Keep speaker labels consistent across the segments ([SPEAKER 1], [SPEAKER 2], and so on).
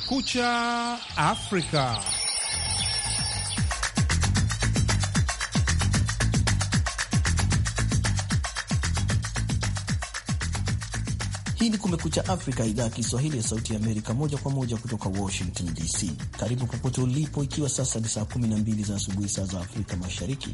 [SPEAKER 1] Kumekucha Afrika.
[SPEAKER 2] Hii ni Kumekucha Afrika, idhaa ya Kiswahili ya Sauti ya Amerika, moja kwa moja kutoka Washington DC. Karibu popote ulipo, ikiwa sasa ni saa 12 za asubuhi, saa za Afrika Mashariki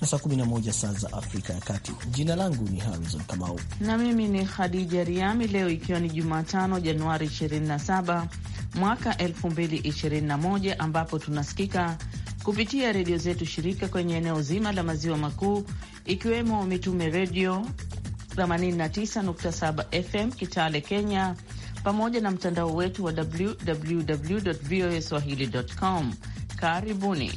[SPEAKER 2] na saa 11 saa za Afrika ya Kati. Jina langu ni Harrison Kamau
[SPEAKER 3] na mimi ni Khadija Riami. Leo ikiwa ni Jumatano, Januari 27 mwaka 2021 ambapo tunasikika kupitia redio zetu shirika kwenye eneo zima la maziwa makuu ikiwemo Mitume Redio 89.7 FM Kitale, Kenya, pamoja na mtandao wetu wa www voa swahili.com. Karibuni.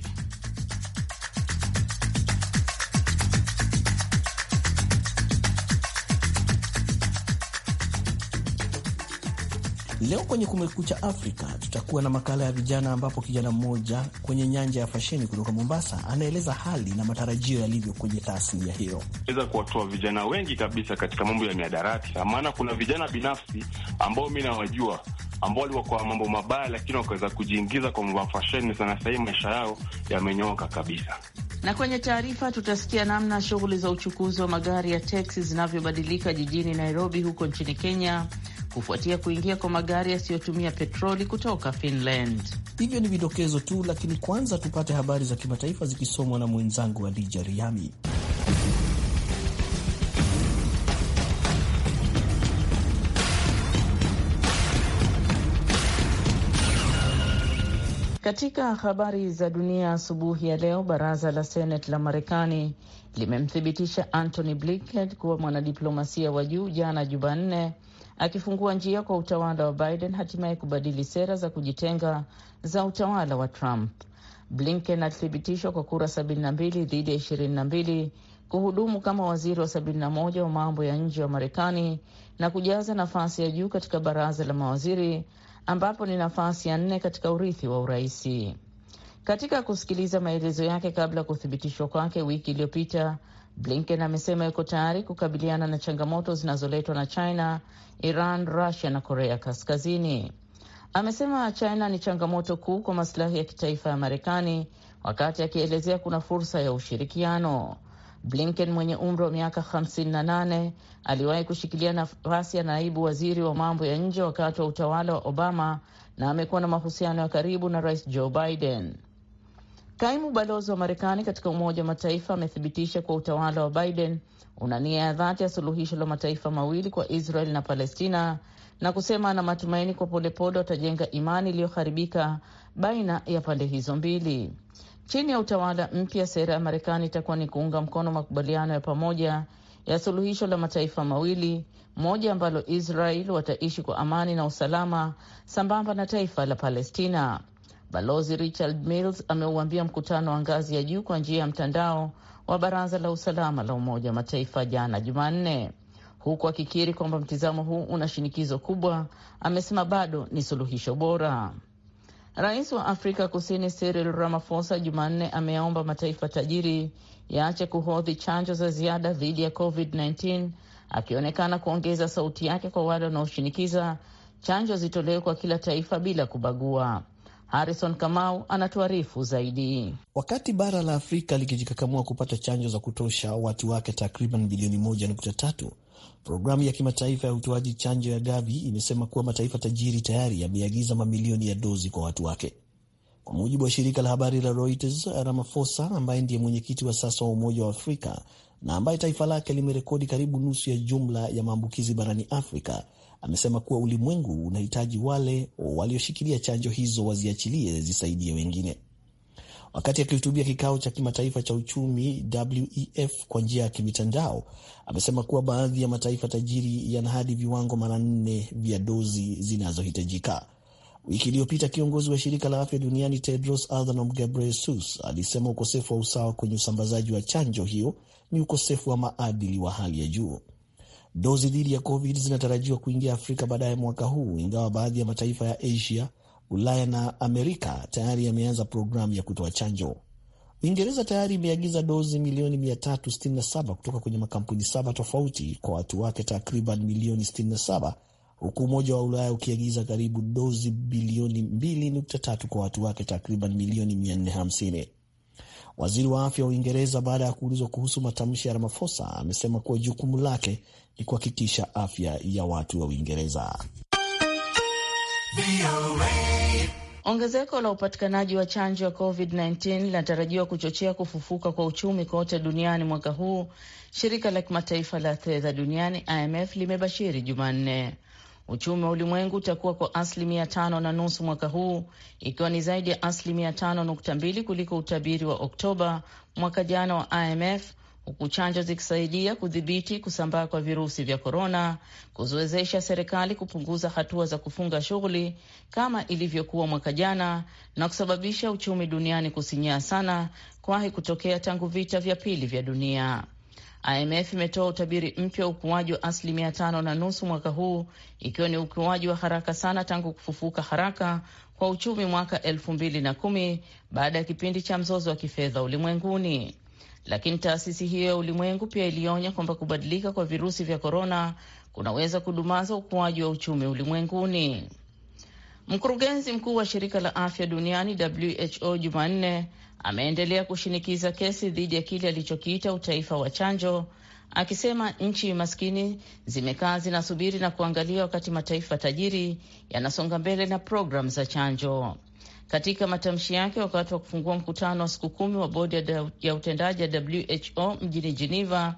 [SPEAKER 2] Leo kwenye Kumekucha Afrika tutakuwa na makala ya vijana, ambapo kijana mmoja kwenye nyanja ya fasheni kutoka Mombasa anaeleza hali na matarajio yalivyo kwenye tasnia hiyo.
[SPEAKER 1] Weza kuwatoa vijana wengi kabisa katika mambo ya miadarati, maana kuna vijana binafsi ambao mi nawajua ambao walikuwa kwa mambo mabaya, lakini wakaweza kujiingiza kwa mambo ya fasheni sana. Sahii maisha yao yamenyoka kabisa.
[SPEAKER 3] Na kwenye taarifa tutasikia namna shughuli za uchukuzi wa magari ya teksi zinavyobadilika jijini Nairobi huko nchini Kenya kufuatia kuingia kwa magari yasiyotumia petroli kutoka Finland. Hivyo ni vidokezo tu, lakini
[SPEAKER 2] kwanza tupate habari za kimataifa zikisomwa na mwenzangu Adija Riami.
[SPEAKER 3] Katika habari za dunia asubuhi ya leo, baraza la senet la Marekani limemthibitisha Antony Blinken kuwa mwanadiplomasia wa juu jana Jumanne, akifungua njia kwa utawala wa Biden hatimaye kubadili sera za kujitenga za utawala wa Trump. Blinken alithibitishwa kwa kura 72 dhidi ya 22 kuhudumu kama waziri wa 71 wa mambo ya nje wa Marekani na kujaza nafasi ya juu katika baraza la mawaziri ambapo ni nafasi ya nne katika urithi wa uraisi. Katika kusikiliza maelezo yake kabla ya kuthibitishwa kwake wiki iliyopita, Blinken amesema yuko tayari kukabiliana na changamoto zinazoletwa na China, Iran, Rusia na Korea Kaskazini. Amesema China ni changamoto kuu kwa masilahi ya kitaifa ya Marekani, wakati akielezea kuna fursa ya ushirikiano. Blinken mwenye umri wa miaka 58 aliwahi kushikilia nafasi ya naibu waziri wa mambo ya nje wakati wa utawala wa Obama na amekuwa na mahusiano ya karibu na rais Joe Biden. Kaimu balozi wa Marekani katika Umoja wa Mataifa amethibitisha kuwa utawala wa Biden una nia ya dhati ya suluhisho la mataifa mawili kwa Israel na Palestina na kusema ana matumaini kwa polepole watajenga imani iliyoharibika baina ya pande hizo mbili. Chini ya utawala mpya, sera ya Marekani itakuwa ni kuunga mkono makubaliano ya pamoja ya suluhisho la mataifa mawili, moja ambalo Israel wataishi kwa amani na usalama sambamba na taifa la Palestina. Balozi Richard Mills ameuambia mkutano wa ngazi ya juu kwa njia ya mtandao wa Baraza la Usalama la Umoja wa Mataifa jana Jumanne, huku akikiri kwamba mtizamo huu una shinikizo kubwa. Amesema bado ni suluhisho bora. Rais wa Afrika Kusini Cyril Ramaphosa Jumanne ameyaomba mataifa tajiri yaache kuhodhi chanjo za ziada dhidi ya COVID-19, akionekana kuongeza sauti yake kwa wale wanaoshinikiza chanjo zitolewe kwa kila taifa bila kubagua. Harrison Kamau anatuarifu zaidi. Wakati
[SPEAKER 2] bara la Afrika likijikakamua kupata chanjo za kutosha watu wake takriban bilioni 1.3, programu ya kimataifa ya utoaji chanjo ya Gavi imesema kuwa mataifa tajiri tayari yameagiza mamilioni ya dozi kwa watu wake. Kwa mujibu wa shirika la habari la Reuters, Ramaphosa ambaye ndiye mwenyekiti wa sasa wa Umoja wa Afrika na ambaye taifa lake limerekodi karibu nusu ya jumla ya maambukizi barani Afrika amesema kuwa ulimwengu unahitaji wale walioshikilia chanjo hizo waziachilie zisaidie wengine. Wakati akihutubia kikao cha kimataifa cha uchumi WEF kwa njia ya kimitandao, amesema kuwa baadhi ya mataifa tajiri yana hadi viwango mara nne vya dozi zinazohitajika. Wiki iliyopita kiongozi wa shirika la afya duniani Tedros Adhanom Ghebreyesus alisema ukosefu wa usawa kwenye usambazaji wa chanjo hiyo ni ukosefu wa maadili wa hali ya juu. Dozi dhidi ya COVID zinatarajiwa kuingia Afrika baadaye mwaka huu, ingawa baadhi ya mataifa ya Asia, Ulaya na Amerika tayari yameanza programu ya kutoa chanjo. Uingereza tayari imeagiza dozi milioni 367 kutoka kwenye makampuni saba tofauti kwa watu wake takriban milioni 67 huku Umoja wa Ulaya ukiagiza karibu dozi bilioni 2.3 kwa watu wake takriban milioni 450. Waziri wa afya wa Uingereza, baada ya kuulizwa kuhusu matamshi ya ramafosa amesema kuwa jukumu lake ni kuhakikisha afya ya watu wa Uingereza.
[SPEAKER 3] Ongezeko la upatikanaji wa chanjo ya COVID-19 linatarajiwa kuchochea kufufuka kwa uchumi kote duniani mwaka huu, shirika la kimataifa la fedha duniani IMF limebashiri Jumanne. Uchumi wa ulimwengu utakuwa kwa asilimia tano na nusu mwaka huu ikiwa ni zaidi ya asilimia tano nukta mbili kuliko utabiri wa Oktoba mwaka jana wa IMF, huku chanjo zikisaidia kudhibiti kusambaa kwa virusi vya korona, kuziwezesha serikali kupunguza hatua za kufunga shughuli kama ilivyokuwa mwaka jana, na kusababisha uchumi duniani kusinyaa sana, kwahi kutokea tangu vita vya pili vya dunia. IMF imetoa utabiri mpya wa ukuaji wa asilimia tano na nusu mwaka huu ikiwa ni ukuaji wa haraka sana tangu kufufuka haraka kwa uchumi mwaka elfu mbili na kumi baada ya kipindi cha mzozo wa kifedha ulimwenguni. Lakini taasisi hiyo ya ulimwengu pia ilionya kwamba kubadilika kwa virusi vya korona kunaweza kudumaza ukuaji wa uchumi ulimwenguni. Mkurugenzi mkuu wa shirika la afya duniani WHO Jumanne ameendelea kushinikiza kesi dhidi ya kile alichokiita utaifa wa chanjo, akisema nchi maskini zimekaa zinasubiri na kuangalia wakati mataifa tajiri yanasonga mbele na programu za chanjo. Katika matamshi yake wakati wa kufungua mkutano wa siku kumi wa bodi ya utendaji ya WHO mjini Geneva,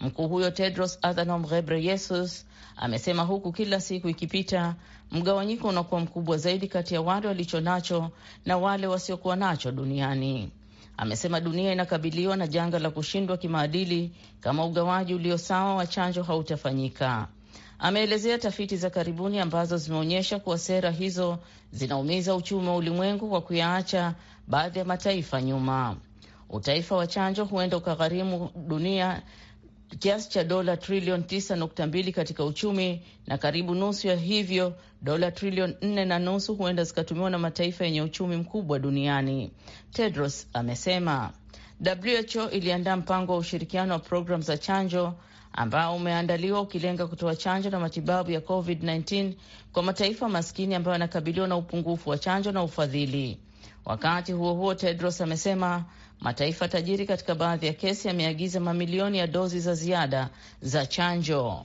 [SPEAKER 3] Mkuu huyo Tedros Adhanom Ghebreyesus amesema huku kila siku ikipita, mgawanyiko unakuwa mkubwa zaidi kati ya wale walicho nacho na wale wasiokuwa nacho duniani. Amesema dunia inakabiliwa na janga la kushindwa kimaadili kama ugawaji ulio sawa wa chanjo hautafanyika. Ameelezea tafiti za karibuni ambazo zimeonyesha kuwa sera hizo zinaumiza uchumi wa ulimwengu kwa kuyaacha baadhi ya mataifa nyuma. Utaifa wa chanjo huenda ukagharimu dunia kiasi cha dola trilioni 9.2 katika uchumi na karibu nusu ya hivyo dola trilioni 4 na nusu huenda zikatumiwa na mataifa yenye uchumi mkubwa duniani, Tedros amesema. WHO iliandaa mpango wa ushirikiano wa programu za chanjo ambao umeandaliwa ukilenga kutoa chanjo na matibabu ya COVID-19 kwa mataifa maskini ambayo yanakabiliwa na upungufu wa chanjo na ufadhili. Wakati huo huo, Tedros amesema mataifa tajiri katika baadhi ya kesi yameagiza mamilioni ya dozi za ziada za chanjo.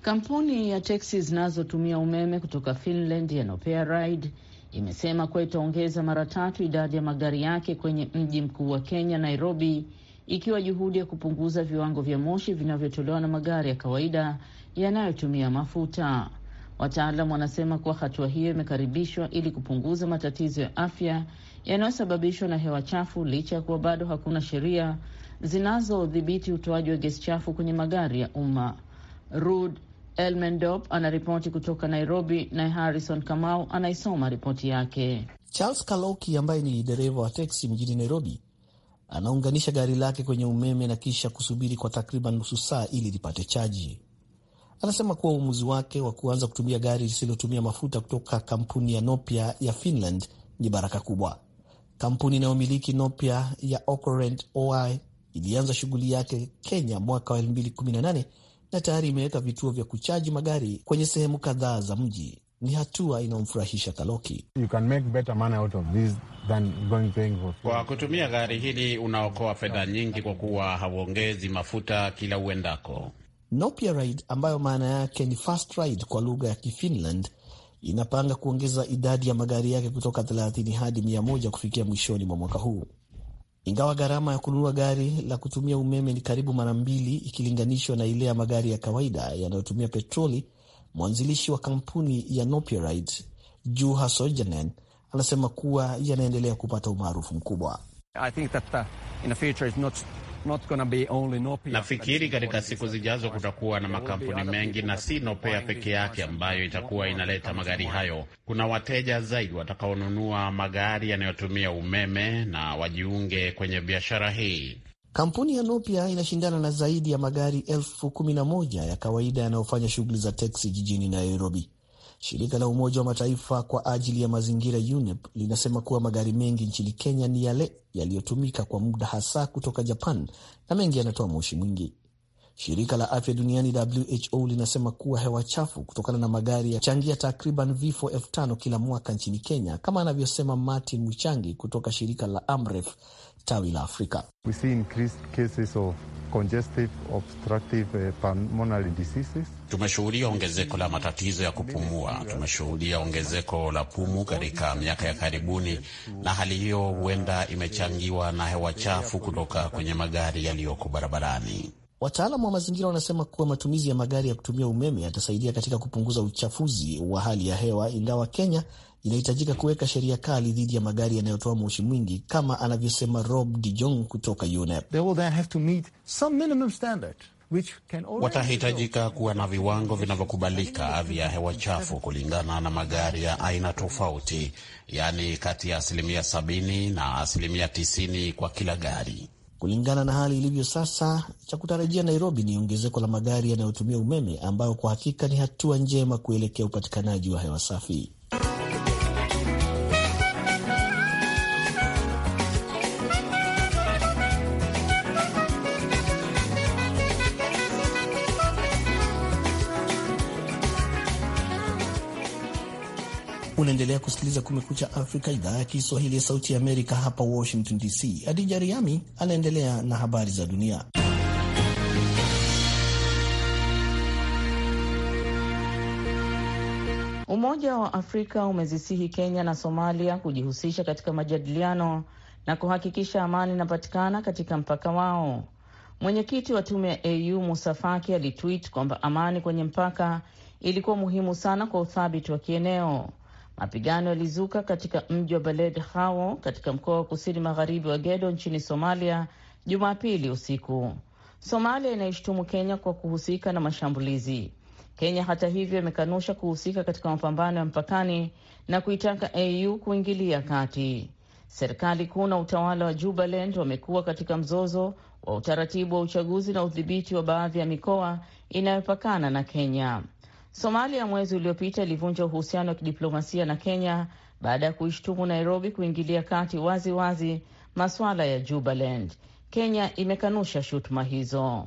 [SPEAKER 3] Kampuni ya teksi zinazotumia umeme kutoka Finland yanopea ride imesema kuwa itaongeza mara tatu idadi ya magari yake kwenye mji mkuu wa Kenya, Nairobi, ikiwa juhudi ya kupunguza viwango vya moshi vinavyotolewa na magari ya kawaida yanayotumia mafuta. Wataalam wanasema kuwa hatua hiyo imekaribishwa ili kupunguza matatizo ya afya yanayosababishwa na hewa chafu, licha ya kuwa bado hakuna sheria zinazodhibiti utoaji wa gesi chafu kwenye magari ya umma. Rud Elmendop anaripoti kutoka Nairobi, naye Harrison Kamau anaisoma ripoti yake.
[SPEAKER 2] Charles Kaloki ambaye ni dereva wa teksi mjini Nairobi anaunganisha gari lake kwenye umeme na kisha kusubiri kwa takriban nusu saa ili lipate chaji. Anasema kuwa uamuzi wake wa kuanza kutumia gari lisilotumia mafuta kutoka kampuni ya Nopia ya Finland ni baraka kubwa. Kampuni inayomiliki Nopia ya Okorent oi ilianza shughuli yake Kenya mwaka wa na tayari imeweka vituo vya kuchaji magari kwenye sehemu kadhaa za mji. Ni hatua inayomfurahisha Kaloki.
[SPEAKER 4] Kwa kutumia gari hili unaokoa fedha nyingi, kwa kuwa hauongezi mafuta kila uendako.
[SPEAKER 2] Nopia Ride ambayo maana yake ni fast ride kwa lugha ya Kifinland inapanga kuongeza idadi ya magari yake kutoka 30 hadi 100 kufikia mwishoni mwa mwaka huu ingawa gharama ya kununua gari la kutumia umeme ni karibu mara mbili ikilinganishwa na ile ya magari ya kawaida yanayotumia petroli. Mwanzilishi wa kampuni ya Nopiride Juha Sojanen anasema kuwa yanaendelea kupata umaarufu mkubwa.
[SPEAKER 4] I think that, uh, in the future is not Nafikiri katika siku zijazo kutakuwa na makampuni mengi na si Nopea peke yake ambayo itakuwa inaleta magari hayo. Kuna wateja zaidi watakaonunua magari yanayotumia umeme na wajiunge kwenye biashara hii.
[SPEAKER 2] Kampuni ya Nopia inashindana na zaidi ya magari elfu kumi na moja ya kawaida yanayofanya shughuli za teksi jijini Nairobi. Shirika la Umoja wa Mataifa kwa ajili ya mazingira UNEP linasema kuwa magari mengi nchini Kenya ni yale yaliyotumika kwa muda hasa kutoka Japan na mengi yanatoa moshi mwingi. Shirika la afya duniani WHO linasema kuwa hewa chafu kutokana na magari yachangia takriban vifo elfu tano kila mwaka nchini Kenya, kama anavyosema Martin Michangi kutoka shirika la Amref tawi la Afrika. We see eh,
[SPEAKER 4] tumeshuhudia ongezeko la matatizo ya kupumua, tumeshuhudia ongezeko la pumu katika miaka ya karibuni, na hali hiyo huenda imechangiwa na hewa chafu kutoka kwenye magari yaliyoko barabarani.
[SPEAKER 2] Wataalamu wa mazingira wanasema kuwa matumizi ya magari ya kutumia umeme yatasaidia katika kupunguza uchafuzi wa hali ya hewa, ingawa Kenya inahitajika kuweka sheria kali dhidi ya magari yanayotoa moshi mwingi, kama anavyosema Rob Dijong kutoka UNEP.
[SPEAKER 4] Watahitajika kuwa na viwango vinavyokubalika vya hewa chafu kulingana na magari ya aina tofauti, yaani kati ya asilimia sabini na asilimia tisini kwa kila gari.
[SPEAKER 2] Kulingana na hali ilivyo sasa, cha kutarajia Nairobi ni ongezeko la magari yanayotumia umeme, ambayo kwa hakika ni hatua njema kuelekea upatikanaji wa hewa safi. Unaendelea kusikiliza Kumekucha Afrika, idhaa ya Kiswahili ya Sauti ya Amerika, hapa Washington DC. Adija Riami anaendelea na habari za dunia.
[SPEAKER 3] Umoja wa Afrika umezisihi Kenya na Somalia kujihusisha katika majadiliano na kuhakikisha amani inapatikana katika mpaka wao. Mwenyekiti wa tume ya AU Musa Faki alitweet kwamba amani kwenye mpaka ilikuwa muhimu sana kwa uthabiti wa kieneo. Mapigano yalizuka katika mji wa Beled Hawo katika mkoa wa kusini magharibi wa Gedo nchini Somalia Jumapili usiku. Somalia inaishutumu Kenya kwa kuhusika na mashambulizi. Kenya hata hivyo imekanusha kuhusika katika mapambano ya mpakani na kuitaka AU kuingilia kati. Serikali kuu na utawala wa Jubaland wamekuwa katika mzozo wa utaratibu wa uchaguzi na udhibiti wa baadhi ya mikoa inayopakana na Kenya. Somalia mwezi uliopita ilivunja uhusiano wa kidiplomasia na Kenya baada ya kuishtumu Nairobi kuingilia kati wazi wazi maswala ya Jubaland. Kenya imekanusha shutuma hizo.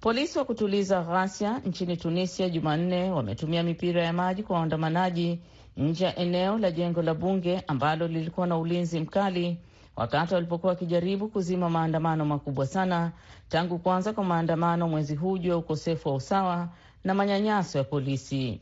[SPEAKER 3] Polisi wa kutuliza ghasia nchini Tunisia Jumanne wametumia mipira ya maji kwa waandamanaji nje ya eneo la jengo la bunge ambalo lilikuwa na ulinzi mkali wakati walipokuwa wakijaribu kuzima maandamano makubwa sana tangu kuanza kwa maandamano mwezi huu juu ya ukosefu wa usawa na manyanyaso ya polisi.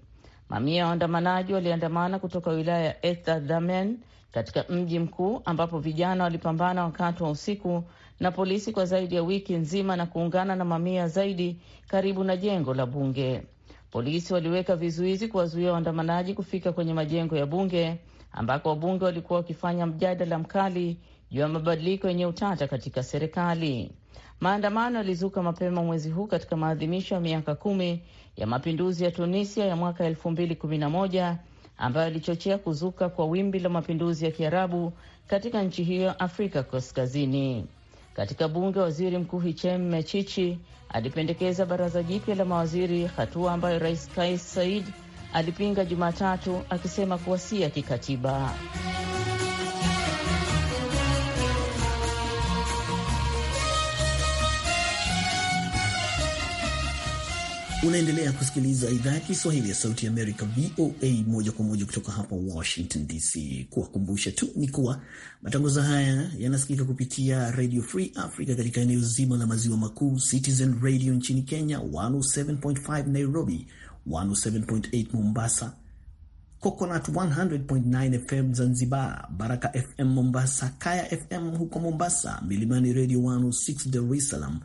[SPEAKER 3] Mamia ya waandamanaji waliandamana kutoka wilaya ya dhamen katika mji mkuu, ambapo vijana walipambana wakati wa usiku na polisi kwa zaidi ya wiki nzima na kuungana na mamia zaidi karibu na jengo la bunge. Polisi waliweka vizuizi kuwazuia waandamanaji kufika kwenye majengo ya bunge ambako wabunge walikuwa wakifanya mjadala mkali juu ya mabadiliko yenye utata katika serikali. Maandamano yalizuka mapema mwezi huu katika maadhimisho ya miaka kumi ya mapinduzi ya Tunisia ya mwaka elfu mbili kumi na moja ambayo yalichochea kuzuka kwa wimbi la mapinduzi ya Kiarabu katika nchi hiyo Afrika Kaskazini. Katika bunge, waziri mkuu Hichem Mechichi alipendekeza baraza jipya la mawaziri, hatua ambayo rais Kais Said alipinga Jumatatu akisema kuwa si ya kikatiba.
[SPEAKER 2] Unaendelea kusikiliza idhaa ya Kiswahili ya Sauti ya Amerika, VOA, moja kwa moja kutoka hapa Washington DC. Kuwakumbusha tu ni kuwa matangazo haya yanasikika kupitia Radio Free Africa katika eneo zima la maziwa makuu, Citizen Radio nchini Kenya 107.5 Nairobi, 107.8 Mombasa, Coconut 100.9 FM Zanzibar, Baraka FM Mombasa, Kaya FM huko Mombasa, Milimani Radio 106 Dar es Salaam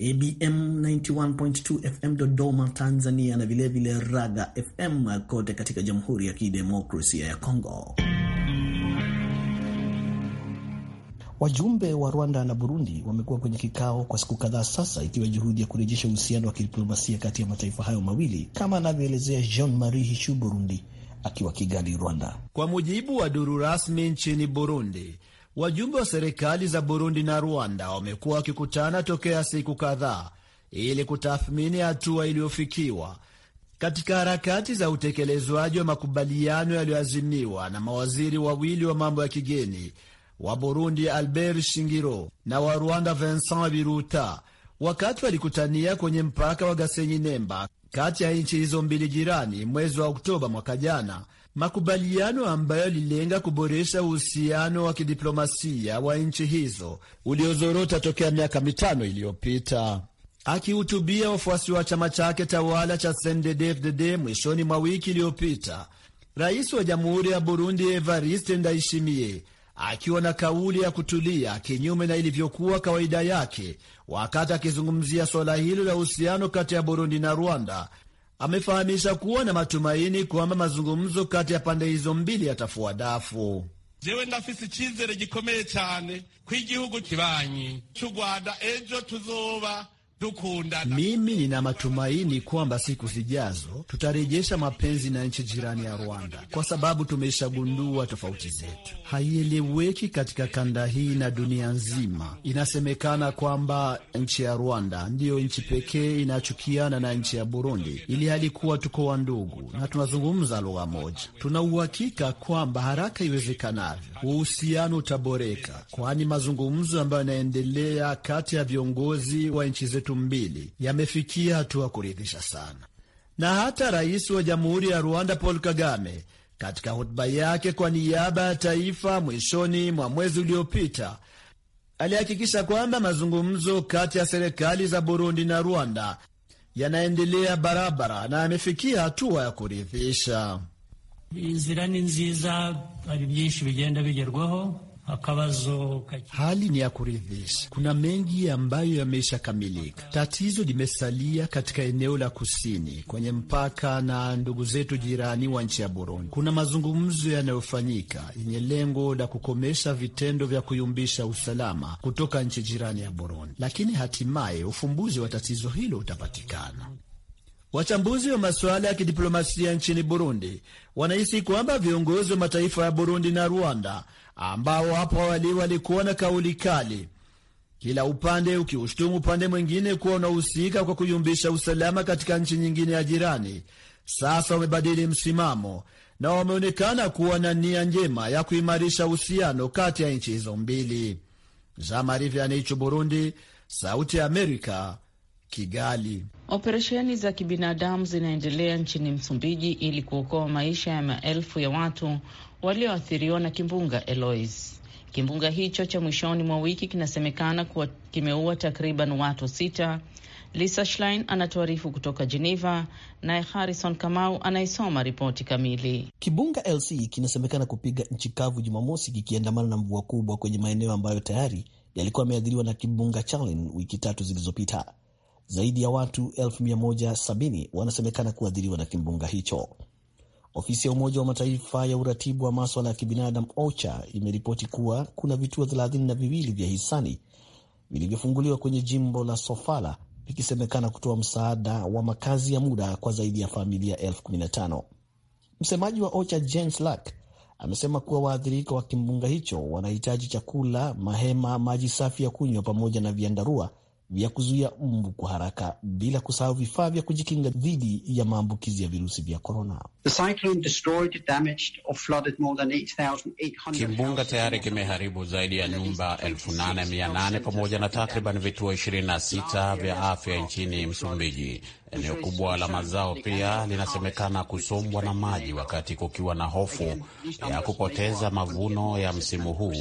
[SPEAKER 2] ABM 91.2 FM Dodoma, Tanzania na vilevile vile Raga FM kote katika Jamhuri ya Kidemokrasia ya Kongo. Wajumbe wa Rwanda na Burundi wamekuwa kwenye kikao kwa siku kadhaa sasa, ikiwa juhudi ya kurejesha uhusiano wa kidiplomasia kati ya mataifa hayo mawili, kama anavyoelezea Jean Marie Hishu Burundi akiwa Kigali, Rwanda.
[SPEAKER 5] Kwa mujibu wa duru rasmi nchini Burundi, Wajumbe wa serikali za Burundi na Rwanda wamekuwa wakikutana tokea siku kadhaa ili kutathmini hatua iliyofikiwa katika harakati za utekelezwaji wa makubaliano yaliyoazimiwa na mawaziri wawili wa mambo ya kigeni wa Burundi Albert Shingiro na wa Rwanda Vincent Biruta wakati walikutania kwenye mpaka wa Gasenyi Nemba kati ya nchi hizo mbili jirani mwezi wa Oktoba mwaka jana makubaliano ambayo lilenga kuboresha uhusiano wa kidiplomasia wa nchi hizo uliozorota tokea miaka mitano iliyopita. Akihutubia wafuasi wa chama chake tawala cha CNDD-FDD mwishoni mwa wiki iliyopita, rais wa jamhuri ya Burundi Evariste Ndayishimiye akiwa na kauli ya kutulia kinyume na ilivyokuwa kawaida yake wakati akizungumzia suala hilo la uhusiano kati ya Burundi na Rwanda amefahamisha kuwa na matumaini kwamba mazungumzo kati ya pande hizo mbili yatafua dafu.
[SPEAKER 4] jewe ndafise icizere gikomeye cyane ko igihugu kibanyi cy'u Rwanda ejo tuzoba
[SPEAKER 5] mimi nina matumaini kwamba siku zijazo tutarejesha mapenzi na nchi jirani ya Rwanda, kwa sababu tumeshagundua tofauti zetu haieleweki katika kanda hii na dunia nzima. Inasemekana kwamba nchi ya Rwanda ndiyo nchi pekee inachukiana na nchi ya Burundi, ili halikuwa tuko wa ndugu na tunazungumza lugha moja. Tuna uhakika kwamba haraka iwezekanavyo uhusiano utaboreka, kwani mazungumzo ambayo yanaendelea kati ya viongozi wa nchi zetu zetu mbili yamefikia hatua kuridhisha sana. Na hata rais wa jamhuri ya Rwanda Paul Kagame katika hotuba yake kwa niaba ya taifa mwishoni mwa mwezi uliopita alihakikisha kwamba mazungumzo kati ya serikali za Burundi na Rwanda yanaendelea barabara na yamefikia hatua ya kuridhisha. Inzira ni nziza hari byinshi bigenda bigerwaho Hali ni ya kuridhisha, kuna mengi ambayo kamilika. Tatizo limesalia katika eneo la kusini kwenye mpaka na ndugu zetu jirani wa nchi ya Burundi. Kuna mazungumzo yanayofanyika yenye lengo la kukomesha vitendo vya kuyumbisha usalama kutoka nchi jirani ya Burundi, lakini hatimaye ufumbuzi wa tatizo hilo utapatikana. Wachambuzi wa masuala ya kidiplomasia nchini Burundi wanahisi kwamba viongozi wa mataifa ya Burundi na Rwanda ambao hapo awali walikuwa na kauli kali, kila upande ukiushtumu upande mwingine kuwa unahusika kwa kuyumbisha usalama katika nchi nyingine ya jirani, sasa wamebadili msimamo na wameonekana kuwa na nia njema ya kuimarisha uhusiano kati ya nchi hizo mbili. Jean Marie Vianney, Burundi, Sauti ya Amerika, Kigali.
[SPEAKER 3] Operesheni za kibinadamu zinaendelea nchini Msumbiji ili kuokoa maisha ya maelfu ya watu walioathiriwa na kimbunga Eloise. Kimbunga hicho cha mwishoni mwa wiki kinasemekana kuwa kimeua takriban watu sita. Lisa Schlein anatuarifu kutoka Geneva, naye Harrison Kamau anayesoma ripoti kamili.
[SPEAKER 2] Kimbunga LC kinasemekana kupiga nchi kavu Jumamosi, kikiandamana na mvua kubwa kwenye maeneo ambayo tayari yalikuwa yameathiriwa na kibunga Charlin wiki tatu zilizopita. Zaidi ya watu 170 wanasemekana kuathiriwa na kimbunga hicho. Ofisi ya Umoja wa Mataifa ya uratibu wa maswala ya kibinadamu OCHA imeripoti kuwa kuna vituo thelathini na viwili vya hisani vilivyofunguliwa kwenye jimbo la Sofala vikisemekana kutoa msaada wa makazi ya muda kwa zaidi ya familia elfu kumi na tano. Msemaji wa OCHA James Lack amesema kuwa waathirika wa kimbunga hicho wanahitaji chakula, mahema, maji safi ya kunywa pamoja na vyandarua vya kuzuia mbu kwa haraka bila kusahau vifaa vya kujikinga dhidi ya maambukizi ya virusi vya korona.
[SPEAKER 4] Kimbunga tayari kimeharibu zaidi ya nyumba 88 pamoja na takriban vituo 26 vya afya nchini Msumbiji. Eneo kubwa la mazao pia linasemekana kusombwa na maji, wakati kukiwa na hofu ya kupoteza mavuno ya msimu huu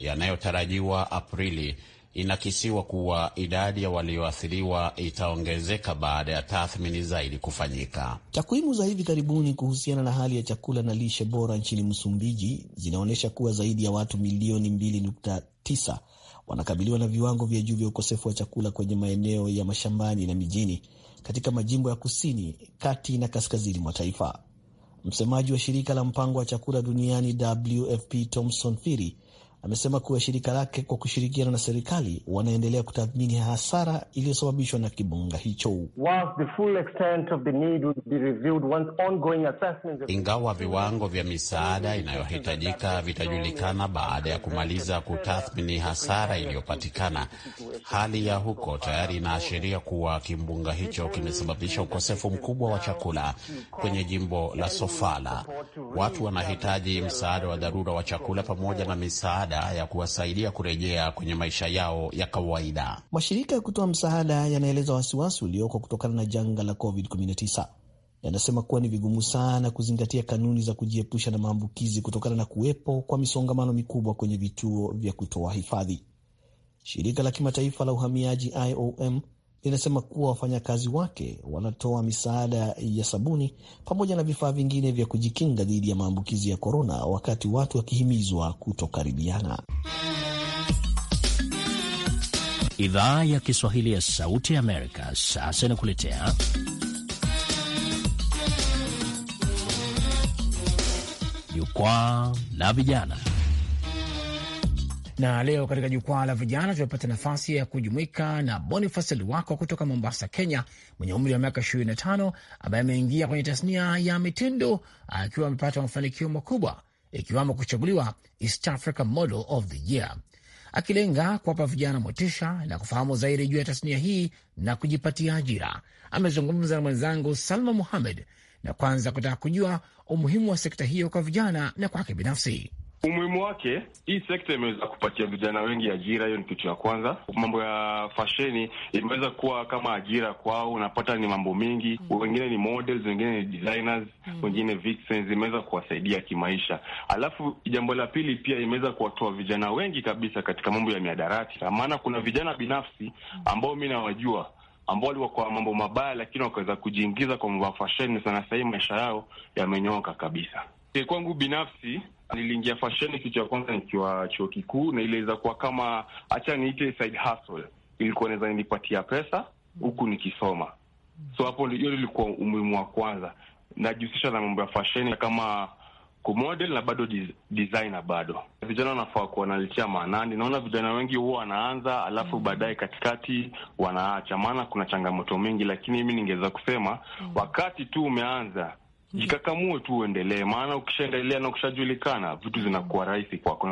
[SPEAKER 4] yanayotarajiwa Aprili Inakisiwa kuwa idadi ya walioathiriwa itaongezeka baada ya tathmini zaidi kufanyika.
[SPEAKER 2] Takwimu za hivi karibuni kuhusiana na hali ya chakula na lishe bora nchini Msumbiji zinaonyesha kuwa zaidi ya watu milioni 2.9 wanakabiliwa na viwango vya juu vya ukosefu wa chakula kwenye maeneo ya mashambani na mijini katika majimbo ya kusini, kati na kaskazini mwa taifa. Msemaji wa shirika la mpango wa chakula duniani WFP Thomson Firi amesema kuwa shirika lake kwa kushirikiana na serikali wanaendelea kutathmini hasara iliyosababishwa na kimbunga hicho.
[SPEAKER 4] Ingawa viwango vya misaada inayohitajika vitajulikana baada ya kumaliza kutathmini hasara iliyopatikana, hali ya huko tayari inaashiria kuwa kimbunga hicho kimesababisha ukosefu mkubwa wa chakula kwenye jimbo la Sofala. Watu wanahitaji msaada wa dharura wa chakula pamoja na misaada misaada ya kuwasaidia kurejea kwenye maisha yao ya kawaida.
[SPEAKER 2] Mashirika ya kutoa msaada yanaeleza wasiwasi ulioko kutokana na janga la COVID-19. Yanasema kuwa ni vigumu sana kuzingatia kanuni za kujiepusha na maambukizi kutokana na kuwepo kwa misongamano mikubwa kwenye vituo vya kutoa hifadhi. Shirika la kimataifa la uhamiaji IOM linasema kuwa wafanyakazi wake wanatoa misaada ya sabuni pamoja na vifaa vingine vya kujikinga dhidi ya maambukizi ya korona, wakati watu wakihimizwa kutokaribiana. Idhaa ya Kiswahili ya Sauti ya Amerika sasa inakuletea jukwaa la vijana. Na leo katika jukwaa la vijana tumepata nafasi ya kujumuika na Boniface Luwako kutoka Mombasa, Kenya, mwenye umri wa miaka tano ambaye ameingia kwenye tasnia ya mitindo akiwa amepata mafanikio makubwa ikiwamo kuchaguliwa East Africa Model of the Year, akilenga kuwapa vijana motisha na kufahamu zaidi juu ya tasnia hii na kujipatia ajira. Amezungumza na mwenzangu Salma Muhamed
[SPEAKER 6] na kwanza kutaka kujua umuhimu wa sekta hiyo kwa vijana na kwake binafsi.
[SPEAKER 1] Umuhimu wake, hii sekta imeweza kupatia vijana wengi ajira. Hiyo ni kitu ya kwanza. Mambo ya fasheni imeweza kuwa kama ajira kwao, unapata ni mambo mengi mm. Wengine ni models, wengine ni designers mm. Wengine vixens, imeweza kuwasaidia kimaisha. Alafu jambo la pili pia imeweza kuwatoa vijana wengi kabisa katika mambo ya miadarati, maana kuna vijana binafsi ambao mi nawajua ambao walikuwa kwa mambo mabaya, lakini wakaweza kujiingiza kwa mambo ya fasheni sana. sahii maisha yao yamenyoka kabisa. Kwangu binafsi Niliingia fasheni kitu ya kwanza nikiwa chuo kikuu, na iliweza kuwa kama hacha niite side hustle, ilikuwa naweza nipatia pesa huku nikisoma. So hapo hiyo lilikuwa umuhimu wa kwanza. Najihusisha na mambo ya fasheni kama kumodel na bado designer. Bado vijana wanafaa kuwa nalitia maanani. Naona vijana wengi huwa wanaanza, alafu baadaye katikati wanaacha, maana kuna changamoto mingi, lakini mi ningeweza kusema wakati tu umeanza jikakamue tu uendelee, maana ukishaendelea na ukishajulikana vitu zinakuwa rahisi kwako,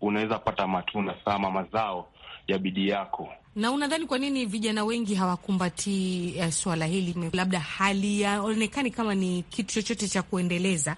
[SPEAKER 1] unaweza pata matunda sama mazao ya bidii yako.
[SPEAKER 6] Na unadhani kwa nini vijana wengi hawakumbatii uh, swala hili? Labda hali yaonekani kama ni kitu chochote cha kuendeleza.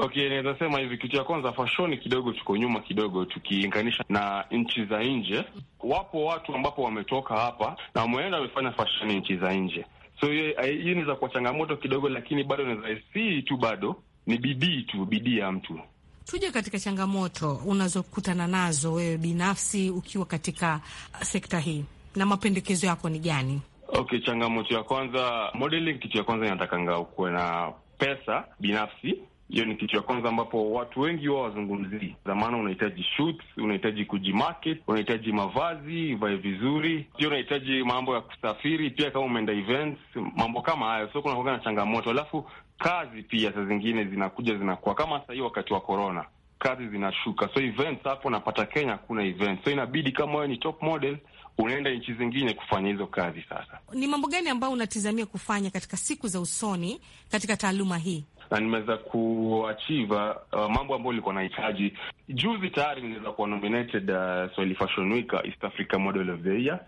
[SPEAKER 1] Okay, naweza sema hivi, kitu ya kwanza, fashoni kidogo tuko nyuma kidogo, tukilinganisha na nchi za nje. Wapo watu ambapo wametoka hapa na wameenda wamefanya fashoni nchi za nje, So eh, hiyo inaweza kuwa changamoto kidogo, lakini bado naweza si tu, bado ni bidii tu, bidii ya mtu.
[SPEAKER 6] Tuje katika changamoto unazokutana nazo wewe binafsi ukiwa katika uh, sekta hii na mapendekezo yako ni gani?
[SPEAKER 1] Okay, changamoto ya kwanza modeling, kitu ya kwanza inatakanga ukuwe na pesa binafsi hiyo ni kitu ya kwanza ambapo watu wengi wao wazungumzii. Zamana unahitaji shoots, unahitaji kujimarket, unahitaji mavazi vae vizuri, pia unahitaji mambo ya kusafiri, pia kama umeenda events, mambo kama hayo, so kunakuwa na changamoto. Alafu kazi pia saa zingine zinakuja zinakuwa kama sahii wakati wa corona kazi zinashuka, so events hapo napata Kenya hakuna events, so inabidi kama wewe ni top model unaenda nchi zingine kufanya hizo kazi. Sasa
[SPEAKER 6] ni mambo gani ambayo unatizamia kufanya katika siku za usoni katika taaluma hii?
[SPEAKER 1] na nimeweza kuachiva uh, mambo ambayo ilikuwa nahitaji. Juzi tayari niliweza kuwa nominated uh, Swahili Fashion Week uh, East Africa Model of the Year,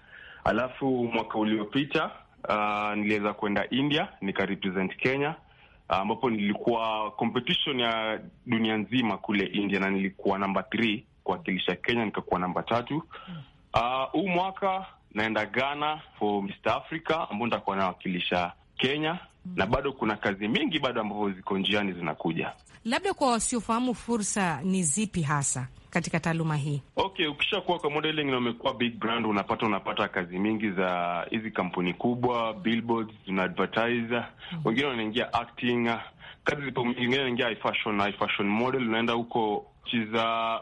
[SPEAKER 1] alafu mwaka uliopita uh, niliweza kwenda India nikarepresent Kenya uh, ambapo uh, nilikuwa competition ya dunia nzima kule India na nilikuwa namba 3 kuwakilisha Kenya, nikakuwa namba tatu. Uh, huu uh, mwaka naenda Ghana for Mr Africa ambao nitakuwa nawakilisha Kenya Mm. na bado kuna kazi mingi bado ambavyo ziko njiani zinakuja.
[SPEAKER 6] Labda kwa wasiofahamu, fursa ni zipi hasa katika taaluma hii?
[SPEAKER 1] Okay, ukishakuwa kwa modeling na umekuwa big brand, unapata unapata kazi mingi za hizi kampuni kubwa, billboards zina wengine, mm -hmm. Wengine wanaingia acting, kazi zipo, wengine wanaingia high fashion, high fashion model, unaenda huko nchi za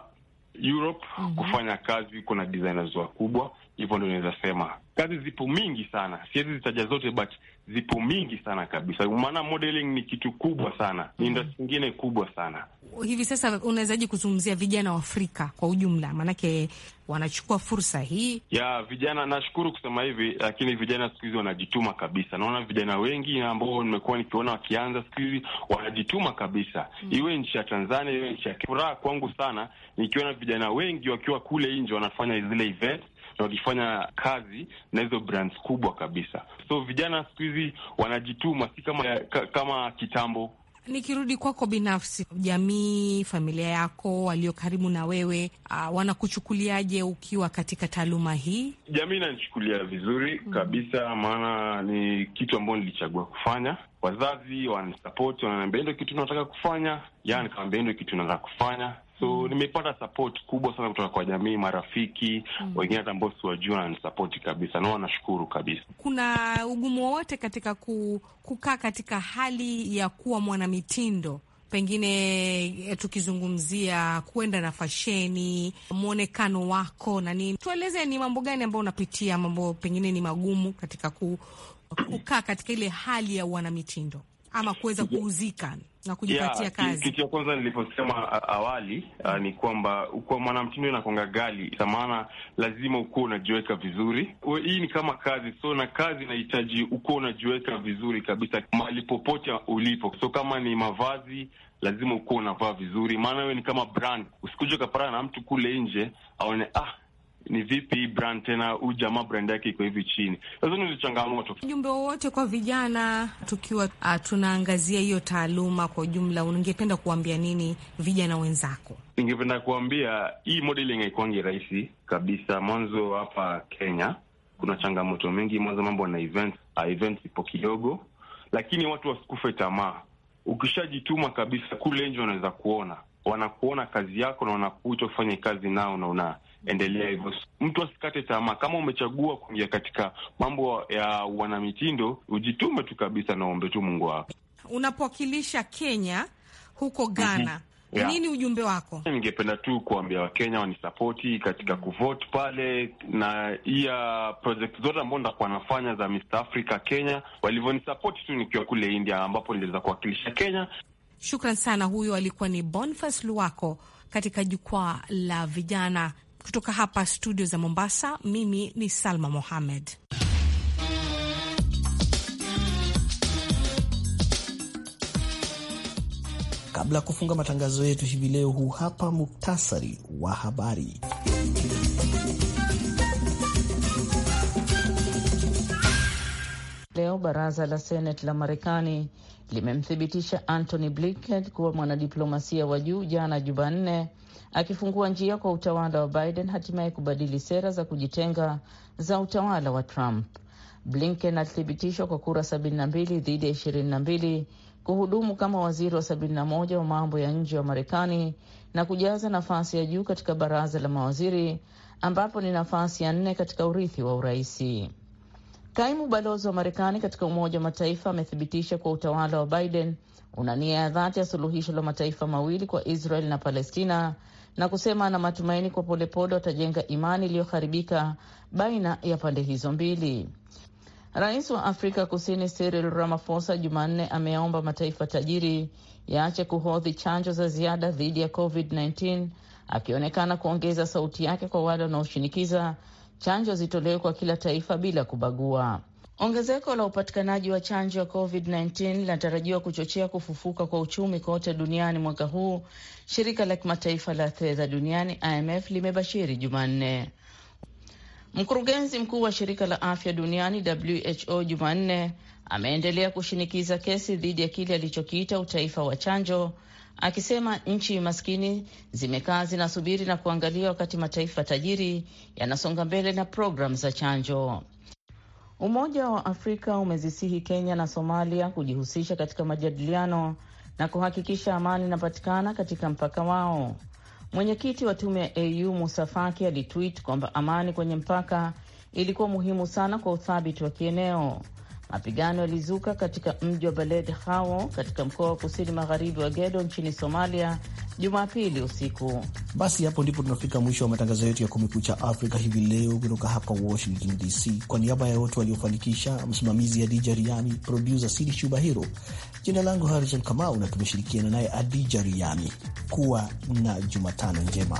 [SPEAKER 1] Europe mm -hmm. kufanya kazi, kuna designers wakubwa hivyo, ndio naweza sema kazi zipo mingi sana, siwezi zitaja zote but zipo mingi sana kabisa, maana modeling ni kitu kubwa sana, ni mm-hmm. industry nyingine kubwa sana.
[SPEAKER 6] Hivi sasa unawezaje kuzungumzia vijana wa Afrika kwa ujumla, maanake wanachukua fursa hii
[SPEAKER 1] ya vijana? Nashukuru kusema hivi, lakini vijana siku hizi wanajituma kabisa. Naona vijana wengi ambao nimekuwa nikiona wakianza siku hizi wanajituma kabisa mm. Iwe nchi ya Tanzania, iwe nchi ya furaha kwangu sana nikiona vijana wengi wakiwa kule nje wanafanya zile event na wakifanya kazi na hizo brands kubwa kabisa. So vijana siku hizi wanajituma, si kama, kama kitambo.
[SPEAKER 6] Nikirudi kwako binafsi, jamii, familia yako walio karibu na wewe uh, wanakuchukuliaje ukiwa katika taaluma hii?
[SPEAKER 1] Jamii inanichukulia vizuri mm. kabisa, maana ni kitu ambayo nilichagua kufanya wazazi wananisapoti wananiambia ndio kitu nataka kufanya, yani nikamwambia ndio kitu nataka kufanya so mm. nimepata support kubwa sana kutoka kwa jamii, marafiki mm. wengine hata ambao siwajua wananisapoti kabisa, na wanashukuru kabisa.
[SPEAKER 6] Kuna ugumu wowote katika ku, kukaa katika hali ya kuwa mwanamitindo, pengine eh, tukizungumzia kuenda na fasheni, mwonekano wako na nini? Tueleze ni mambo gani ambayo unapitia, mambo pengine ni magumu katika ku, kukaa katika ile hali ya wanamitindo ama kuweza kuuzika na kujipatia yeah, kazi.
[SPEAKER 1] Kitu cha kwanza niliposema awali uh, ni kwamba kwa mwanamtindo inakonga gali, kwa maana lazima ukuwa unajiweka vizuri. Hii ni kama kazi, so na kazi inahitaji ukuwa unajiweka vizuri kabisa mahali popote ulipo. So kama ni mavazi lazima ukuwa unavaa vizuri, maana wewe ni kama brand. Usikuja ukapatana na mtu kule nje aone ah ni vipi brand tena, huu jamaa brand yake iko hivi chini. Sasa ni changamoto.
[SPEAKER 6] Ujumbe wowote kwa vijana, tukiwa ah, tunaangazia hiyo taaluma kwa ujumla, ungependa kuambia nini vijana wenzako?
[SPEAKER 1] Ningependa kuambia hii modeling haikuangi rahisi kabisa. Mwanzo hapa Kenya kuna changamoto mingi, mwanzo mambo na event, ah, event ipo kidogo, lakini watu wasikufe tamaa. Ukishajituma kabisa kule nje, wanaweza kuona wanakuona kazi yako na wanakuja ufanye kazi nao, na una endelea hivyo. Mtu asikate tamaa, kama umechagua kuingia katika mambo ya wanamitindo, ujitume tu kabisa, naombe tu Mungu wako.
[SPEAKER 6] Unapowakilisha Kenya huko Ghana, mm -hmm. Yeah. Nini ujumbe wako?
[SPEAKER 1] Ningependa tu kuambia Wakenya wanisapoti katika mhm. kuvote pale na iya project zote ambao nitakuwa nafanya za Miss Africa Kenya, walivyonisapoti tu nikiwa kule India ambapo niliweza kuwakilisha
[SPEAKER 6] Kenya. Shukran sana. Huyo alikuwa ni Boniface Luwako katika jukwaa la vijana kutoka hapa studio za Mombasa, mimi ni Salma Mohamed.
[SPEAKER 2] Kabla ya kufunga matangazo yetu hivi leo, huu hapa muktasari
[SPEAKER 3] wa habari. Leo baraza la Seneti la Marekani limemthibitisha Antony Blinken kuwa mwanadiplomasia wa juu jana Jumanne akifungua njia kwa utawala wa Biden hatimaye kubadili sera za kujitenga za utawala wa Trump. Blinken alithibitishwa kwa kura 72 dhidi ya 22 kuhudumu kama waziri wa 71 wa mambo ya nje wa Marekani na kujaza nafasi ya juu katika baraza la mawaziri ambapo ni nafasi ya nne katika urithi wa uraisi. Kaimu balozi wa Marekani katika Umoja wa Mataifa amethibitisha kuwa utawala wa Biden una nia ya dhati ya suluhisho la mataifa mawili kwa Israel na Palestina na kusema ana matumaini kwa Polepole watajenga imani iliyoharibika baina ya pande hizo mbili. Rais wa Afrika Kusini Cyril Ramaphosa Jumanne ameyaomba mataifa tajiri yaache kuhodhi chanjo za ziada dhidi ya COVID-19, akionekana kuongeza sauti yake kwa wale wanaoshinikiza chanjo zitolewe kwa kila taifa bila kubagua. Ongezeko la upatikanaji wa chanjo ya COVID-19 linatarajiwa kuchochea kufufuka kwa uchumi kote duniani mwaka huu, shirika la kimataifa la fedha duniani IMF limebashiri Jumanne. Mkurugenzi mkuu wa shirika la afya duniani WHO Jumanne ameendelea kushinikiza kesi dhidi ya kile alichokiita utaifa wa chanjo, akisema nchi maskini zimekaa zinasubiri na kuangalia wakati mataifa tajiri yanasonga mbele na programu za chanjo. Umoja wa Afrika umezisihi Kenya na Somalia kujihusisha katika majadiliano na kuhakikisha amani inapatikana katika mpaka wao. Mwenyekiti wa tume ya AU Musa Faki alitwit kwamba amani kwenye mpaka ilikuwa muhimu sana kwa uthabiti wa kieneo. Mapigano yalizuka katika mji wa Beled Hawo katika mkoa wa kusini magharibi wa Gedo nchini Somalia Jumapili usiku. Basi hapo
[SPEAKER 2] ndipo tunafika mwisho wa matangazo yetu ya Kumekucha Afrika hivi leo kutoka hapa Washington DC. Kwa niaba ya wote waliofanikisha, msimamizi Adija Riami, produsa Sidi Shubahiro, jina langu Harison Kamau na tumeshirikiana naye Adija Riami. Kuwa na Jumatano njema.